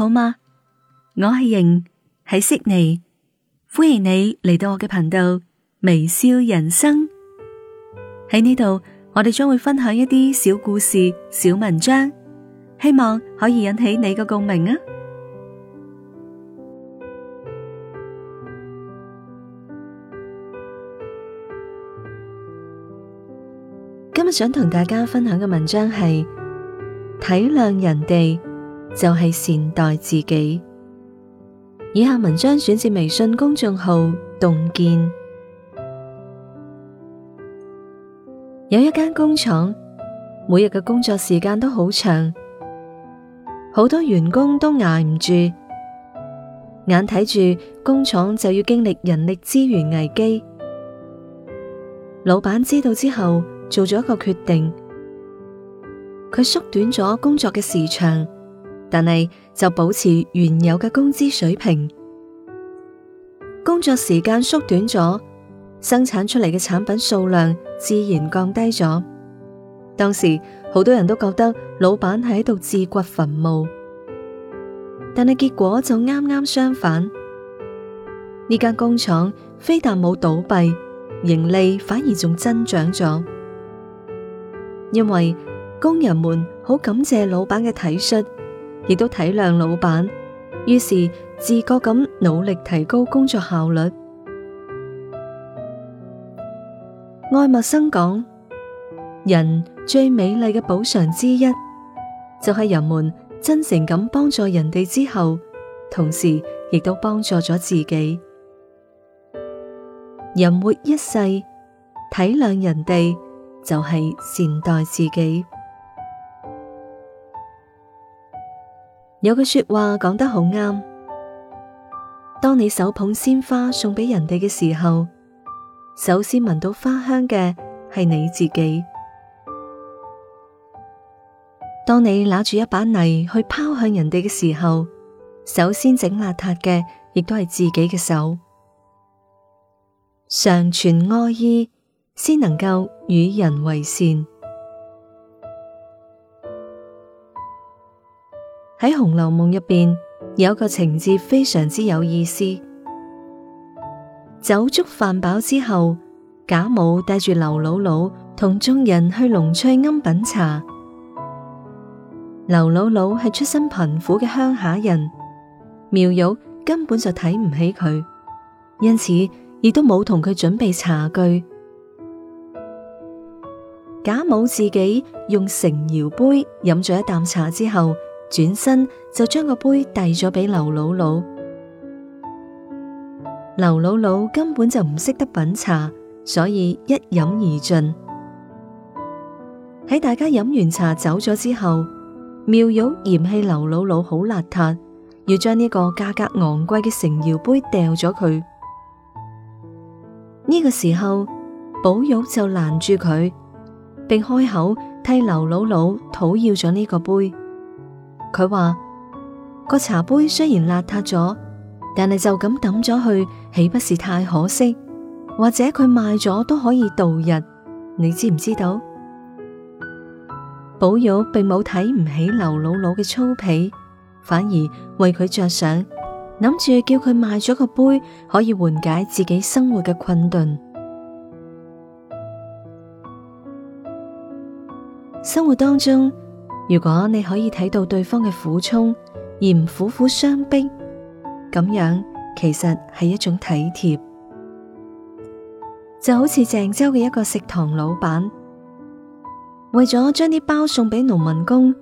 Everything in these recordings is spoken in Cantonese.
好嗎？我係瑩，喺悉尼，歡迎你嚟到我嘅頻道微笑人生。喺呢度，我哋將會分享一啲小故事、小文章，希望可以引起你嘅共鳴啊！今日想同大家分享嘅文章係體諒人哋。就係善待自己。以下文章選自微信公眾號《洞見》。有一間工廠，每日嘅工作時間都好長，好多員工都挨唔住，眼睇住工廠就要經歷人力資源危機。老闆知道之後，做咗一個決定，佢縮短咗工作嘅時長。但係就保持原有嘅工資水平，工作時間縮短咗，生產出嚟嘅產品數量自然降低咗。當時好多人都覺得老闆係喺度自掘墳墓，但係結果就啱啱相反。呢間工廠非但冇倒閉，盈利反而仲增長咗，因為工人們好感謝老闆嘅體恤。亦都體諒老闆，於是自覺咁努力提高工作效率。愛默生講：人最美麗嘅補償之一，就係人們真誠咁幫助人哋之後，同時亦都幫助咗自己。人活一世，體諒人哋，就係善待自己。有句說話講得好啱：當你手捧鮮花送俾人哋嘅時候，首先聞到花香嘅係你自己；當你攞住一把泥去拋向人哋嘅時候，首先整邋遢嘅亦都係自己嘅手。常存愛意，先能夠與人為善。喺《紅樓夢》入邊有個情節非常之有意思。酒足飯飽之後，賈母帶住劉姥姥同眾人去龍翠庵品茶。劉姥姥係出身貧苦嘅鄉下人，妙玉根本就睇唔起佢，因此亦都冇同佢準備茶具。賈母自己用成窯杯飲咗一啖茶之後。轉身就將個杯遞咗俾劉姥姥。劉姥姥根本就唔識得品茶，所以一飲而盡。喺 大家飲完茶走咗之後，妙玉嫌棄 劉姥姥好邋遢，要將呢個價格昂貴嘅成窑杯丟掉咗佢。呢、呢個時候，寶玉就攔住佢，並開口替劉姥姥討要咗呢個杯。佢話個茶杯雖然邋遢咗，但係就咁抌咗去，豈不是太可惜？或者佢賣咗都可以度日，你知唔知道？寶玉並冇睇唔起劉姥姥嘅粗鄙，反而為佢着想，諗住叫佢賣咗個杯，可以緩解自己生活嘅困頓。生活當中。如果你可以睇到對方嘅苦衷，而唔苦苦相逼，咁樣其實係一種體貼，就好似鄭州嘅一個食堂老闆，為咗將啲包送俾農民工，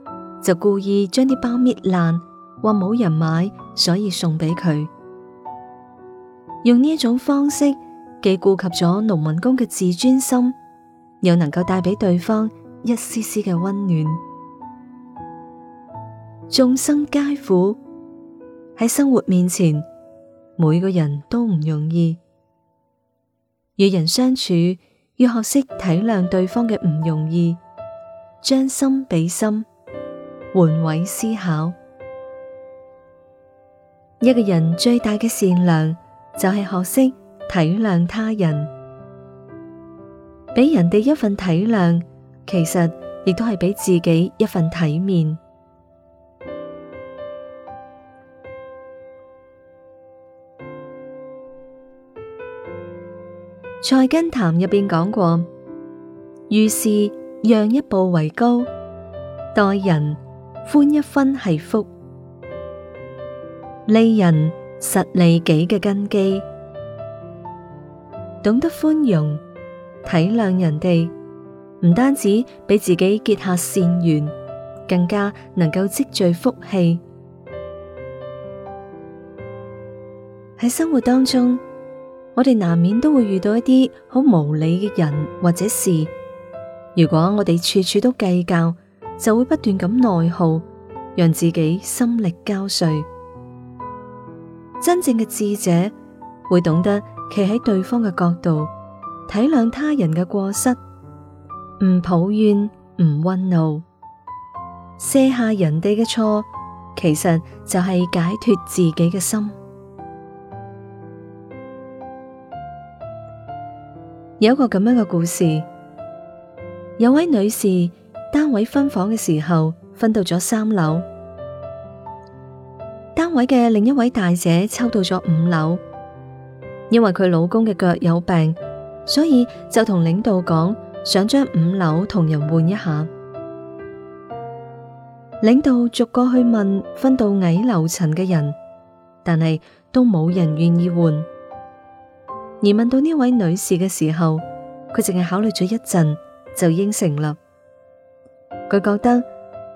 就故意將啲包搣爛，話冇人買，所以送俾佢，用呢一種方式既顧及咗農民工嘅自尊心，又能夠帶俾對方一絲絲嘅溫暖。眾生皆苦，喺生活面前，每個人都唔容易。與人相處，要學識體諒對方嘅唔容易，將心比心，換位思考。一個人最大嘅善良，就係學識體諒他人，俾人哋一份體諒，其實亦都係俾自己一份體面。菜根譚入邊講過：遇事讓一步為高，待人寬一分係福，利人實利己嘅根基。懂得寬容、體諒人哋，唔單止俾自己結下善緣，更加能夠積聚福氣。喺生活當中，我哋難免都會遇到一啲好無理嘅人或者事，如果我哋處處都計較，就會不斷咁內耗，讓自己心力交瘁。真正嘅智者會懂得企喺對方嘅角度，體諒他人嘅過失，唔抱怨，唔憤怒，卸下人哋嘅錯，其實就係解脱自己嘅心。有一個咁樣嘅故事，有位女士單位分房嘅時候，分到咗三樓，單位嘅另一位大姐抽到咗五樓，因為佢老公嘅腳有病，所以就同領導講想將五樓同人換一下。領導逐個去問分到矮樓層嘅人，但係都冇人願意換。而問到呢位女士嘅時候，佢淨係考慮咗一陣就應承啦。佢覺得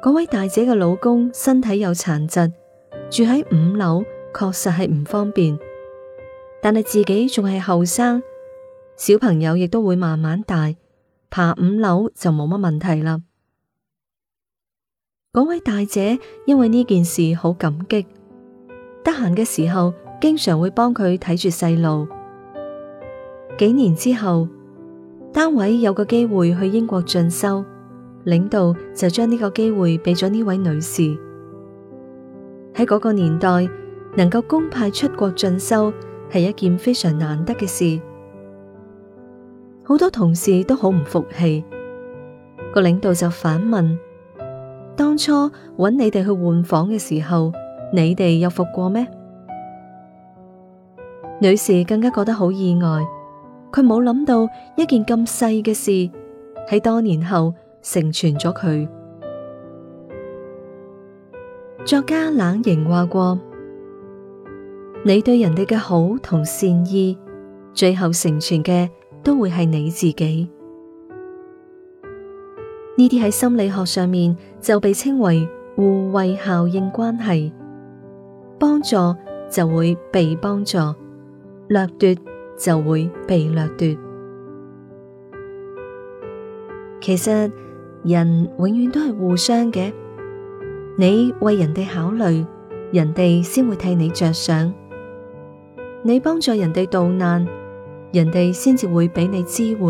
嗰位大姐嘅老公身體有殘疾，住喺五樓確實係唔方便，但係自己仲係後生，小朋友亦都會慢慢大，爬五樓就冇乜問題啦。嗰位大姐因為呢件事好感激，得閒嘅時候經常會幫佢睇住細路。幾年之後，單位有個機會去英國進修，領導就將呢個機會俾咗呢位女士。喺嗰個年代，能夠公派出國進修係一件非常難得嘅事。好多同事都好唔服氣，個領導就反問，當初搵你哋去換房嘅時候，你哋有服過咩？女士更加覺得好意外，佢冇諗到一件咁細嘅事，喺多年後成全咗佢。作家冷凝話過：你對人哋嘅好同善意，最後成全嘅都會係你自己。呢啲喺心理學上面就被稱為互惠效應關係，幫助就會被幫助，掠奪，就會被掠奪。其實人永遠都係互相嘅，你為人哋考慮，人哋先會替你着想；你幫助人哋渡難，人哋先至會俾你支援；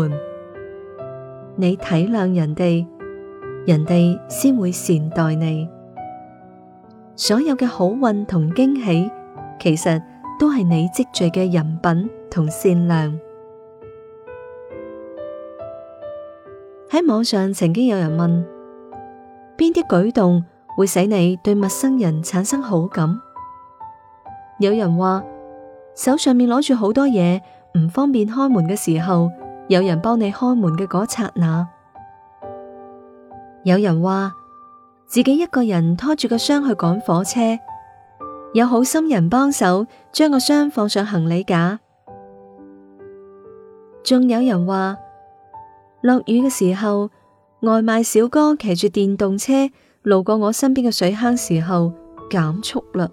你體諒人哋，人哋先會善待你。所有嘅好運同驚喜，其實都係你積聚嘅人品。同善良。喺網上曾經有人問，邊啲舉動會使你對陌生人產生好感？有人話手上面攞住好多嘢唔方便開門嘅時候，有人幫你開門嘅嗰剎那。有人話自己一個人拖住個箱去趕火車，有好心人幫手將個箱放上行李架。仲有人話落雨嘅時候，外賣小哥騎住電動車路過我身邊嘅水坑時候減速嘞。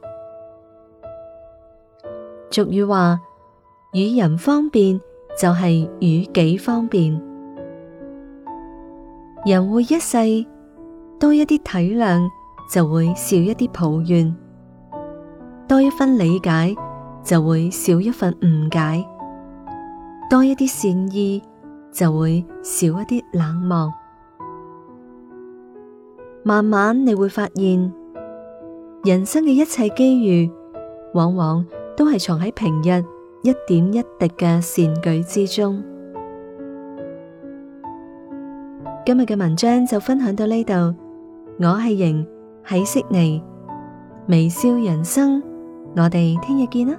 俗語話：與人方便就係與己方便。人活一世，多一啲體諒，就會少一啲抱怨；多一分理解，就會少一份誤解。多一啲善意，就會少一啲冷漠。慢慢你會發現，人生嘅一切機遇，往往都係藏喺平日一點一滴嘅善舉之中。今日嘅文章就分享到呢度，我係瑩，喺悉尼微笑人生，我哋聽日見啦。